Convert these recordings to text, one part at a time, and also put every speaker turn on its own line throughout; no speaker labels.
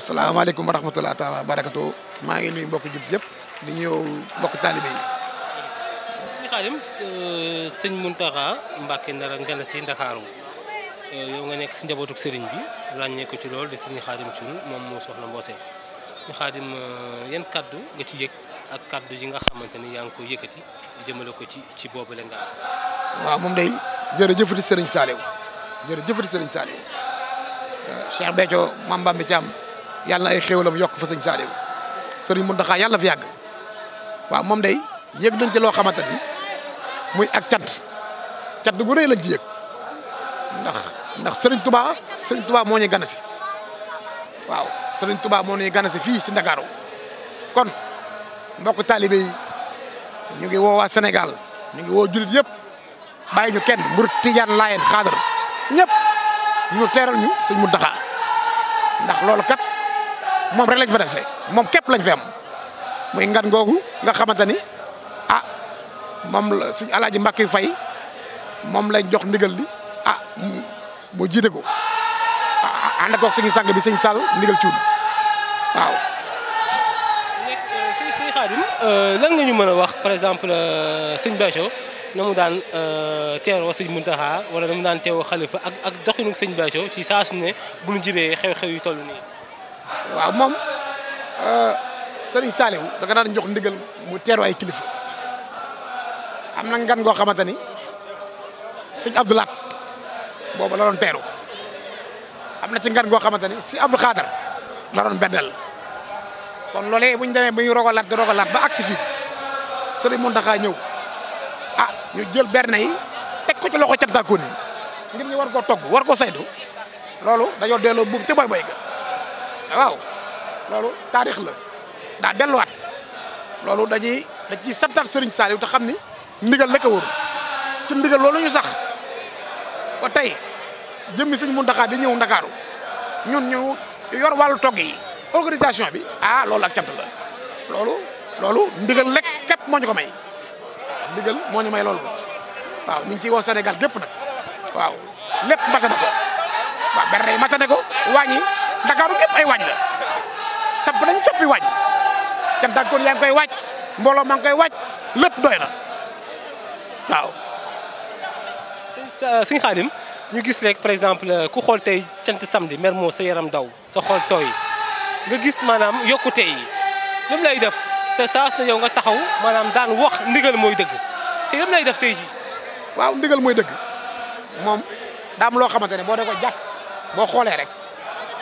asalaamaaleykum wa rahmatulah taala barakatu maa ngi nuyu mbokk jub yëpp di ñëw mbokk taalibe yi.
sëñ Xaadim sëñ Muntaxa Mbàkke ndara ngela si Ndakaaru euh, yow nga nekk si njabootuk sëriñ bi ràññee ko ci lool di sëñ Xaadim Cuun moom moo soxna mboose. ñu Xaadim euh, yan kaddu nga ci yëg ak kaddu yi nga xamante ni yaa ngi ko yëkkati jëmale ko ci ci boobule nga
waaw moom day jërëjëfati sëriñ Saaliw jërëjëfati sëriñ Saaliw euh, Cheikh Béthio Mame Bamba Thiam yàlla na la xéwalam yokk fa sëñ Saliou mu daxa yàlla fi yàgg waaw moom day yëg nañ ci loo xamante ni muy ak cant cant gu rëy lañ ci yëg ndax ndax sëriñ tubaa sëriñ tubaa moo ñuy si waaw sëriñ Touba moo ñuy gane si fii ci Ndakaaru kon mbokk taalibe yi ñu ngi woo waa Sénégal ñu ngi woo jullit yëpp bàyyi ñu kenn mbur Tijaan Laayeen Xaadar ñëpp ñu teeral ñu sëñ Mountakha ndax loolu kat. moom rek lañ fa se moom képp lañ fi am muy ngan googu nga xamante ni ah moom la suñu alaaji Mbàkke Fay moom lañ jox ndigal li ah mu jiite ko ah ànd koog suñu sang bi sëñ Sall ndigal cuun waaw. nekk euh, euh, lan nga ñu mën a wax
par exemple euh, sëñ Béthio na mu daan teeroo sëñ Muntaxa wala na mu daan teewoo xalifa ak ak doxinu sëñ Béthio ci saa su ne bu ñu jibee xew-xew yu toll nii. waaw moom
euh, sëriñ Saliou da nga daan jox ndigal mu teeru ay kilifa am na ngan goo xamante ni sëñ Abdou boobu la doon teeru am na ci ngan goo xamante ni si Abdou Khader la doon bennal kon loolee bu ñu demee bu ñu rogalaat di rogalaat ba agsi fii Serigne Mountakha ñëw a ah, ñu jël berne yi te ko ci loxo cantakoon yi ngir ñu war koo togg war koo saytu loolu dañoo delloo buum ca boy boy waaw loolu taarix la daa delluwaat loolu dañuy dañ ciy santaat Serigne Saliou te xam ni ndigal la ko wóor ci ndigal loolu ñu sax ba tey jëmmi Serigne Mountakha di ñëw Ndakaaru ñun ñu yor wàllu togg yi organisation bi ah loolu ak cant loolu loolu ndigal lekk képp moo ñu ko may ndigal moo ñu may loolu waaw ñu ngi ciy woo Sénégal gépp nag waaw lépp mate na ko waaw bernde yi mate na ko Ndakaaru gépp ay waaj la samp nañ soppi waaj cantankoon yaa ngi koy waaj mbooloo maa ngi koy waaj lépp doy na waaw. sëñ Xaadim ñu gis rek
par exemple ku xool tey cant samedi mer moo sa yaram daw sa xool tooy nga gis maanaam yokkute yi lim lay def te saas na yow nga taxaw maanaam daan wax ndigal mooy dëgg
te lim lay def tey ji waaw ndigal mooy dëgg moom daam loo xamante ne boo dee ko jàpp boo xoolee rek.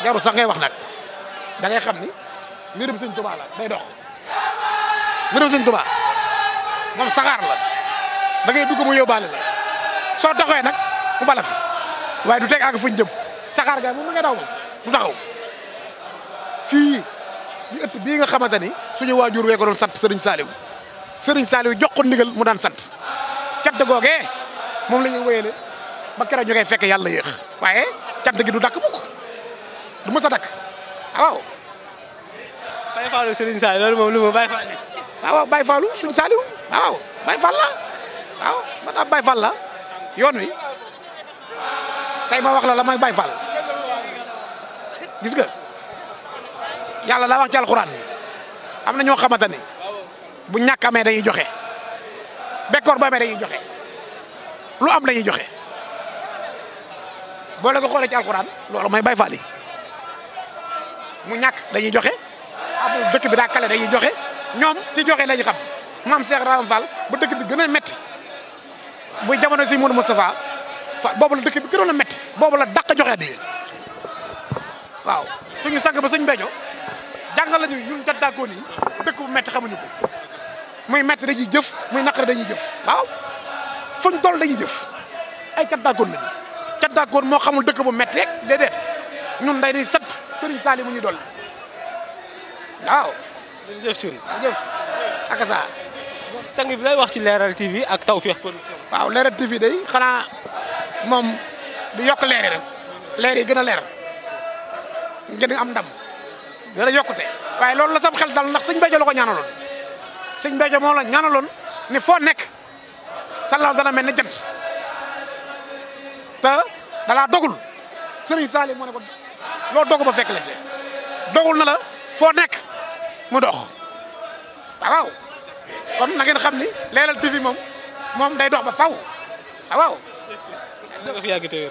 jarul sax ngay wax nag da ngay xam ni mbirum sëñ Tuubaa la day dox mbirum sëñ Tuubaa moom saxaar la da ngay dugg mu yóbbaale la soo doxee nag mu bala waaye du teg àgg fuñ jëm saxaar gaay moom mu nga daw moom du taxaw fii ñu bii nga xamante ni suñu waajur wee ko sant sëriñ Saliou sëriñ Saliou jox ko ndigal mu daan sant cant googee moom la ñuy wéyale ba keroog ñu koy fekk yàlla yéex waaye cant gi du dakk mukk du mos dakk ah, waaw. Baye Fallou Serigne Saliou loolu lu ma Baye Fallou. Ah, waaw Baye Fallou Serigne Saliou ah, waaw Baye Fall la waaw man daal la yoon wi tey ma wax la la may Baye Fall gis nga yàlla daa wax ci alxuraan am na ñoo xamante ne bu ñàkk amee dañuy joxe bekkoor ba amee dañuy joxe lu am dañuy joxe boole ko xoolee ci alxuraan loolu may Baye yi mu ñàkk dañuy joxe amul dëkk bi daa kale dañuy joxe ñoom ci joxe lañu xam maam Cheikh Rahane Fall bu dëkk bi gën metti métti bu jamono si Mourou Moustapha fa boobu la dëkk bi gënoon a métti boobu la dàq joxe di waaw suñu sang ba sëñ Béthio jàngal lañu ñun jot dàggoo dëkk bu metti xamuñu ko muy métti dañuy jëf muy naqare dañuy jëf waaw fuñ toll dañuy jëf ay cantaakoon lañu cantaakoon moo xamul dëkk bu metti rek déedéet ñun day sat Serigne Saliou mu ñu dolli waaw. jërëjëf Thioune jërëjëf ak sa sang bi lay wax ci leeral TV ak Tawfekh Production. waaw leeral TV day xanaa moom di yokk leer rek leer yi gën a leer gën a am ndam gën a yokkute waaye loolu la sam xel dal ndax sëñ Béthio la ko ñaanaloon sëñ Béthio moo la ñaanaloon ni foo nekk sàllaaw dana mel ne jant te dalaa dogul Serigne Saliou moo ne ko. loo dogu ba fekk la ci dogul na la foo nekk mu dox waaw kon na ngeen xam ni la TV moom moom day dox ba faw awaw yàgg fi yàgg te